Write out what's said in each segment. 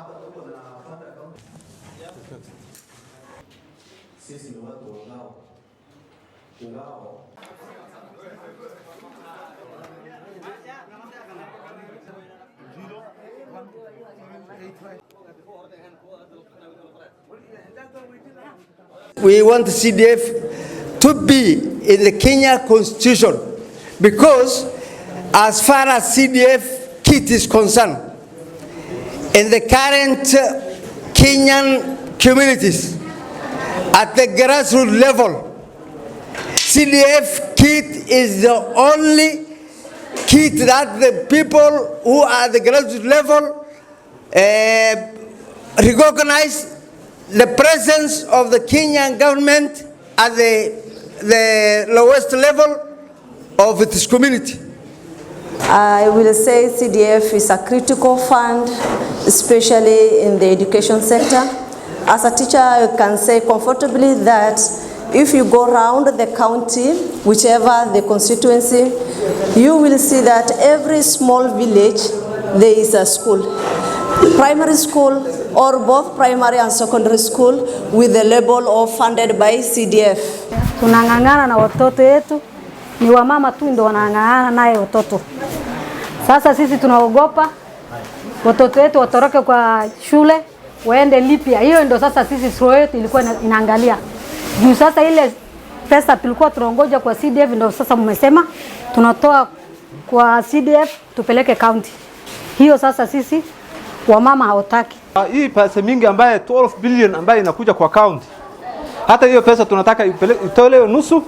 Hapa tuko na sisi ni watu wa ngao ngao We want CDF to be in the Kenya constitution because as far as CDF kit is concerned in the current uh, Kenyan communities at the grassroots level. CDF kit is the only kit that the people who are the grassroots level uh, recognize the presence of the Kenyan government at the, the lowest level of its community. I will say CDF is a critical fund, especially in the education sector. As a teacher, I can say comfortably that if you go around the county, whichever the constituency, you will see that every small village, there is a school. Primary school or both primary and secondary school with the label of funded by CDF. Tunang'ang'ana na watoto yetu ni wamama tu ndo wanang'ang'ana naye watoto. Sasa sisi tunaogopa watoto wetu watoroke kwa shule waende Libya. Hiyo ndo sasa sisi sura yetu ilikuwa inaangalia juu. Sasa ile pesa tulikuwa tunaongoja kwa CDF, ndo sasa mmesema tunatoa kwa CDF tupeleke county. Hiyo sasa sisi wamama hawataki ah, hii pesa mingi ambaye 12 billion ambaye inakuja kwa county. Hata hiyo pesa tunataka itolewe nusu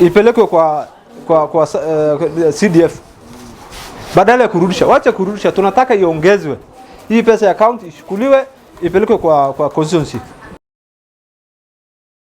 ipelekwe kwa, kwa, kwa uh, eh, CDF badala ya kurudisha. Wacha kurudisha, tunataka iongezwe hii pesa ya account, ishukuliwe ipelekwe kwa, kwa constituency.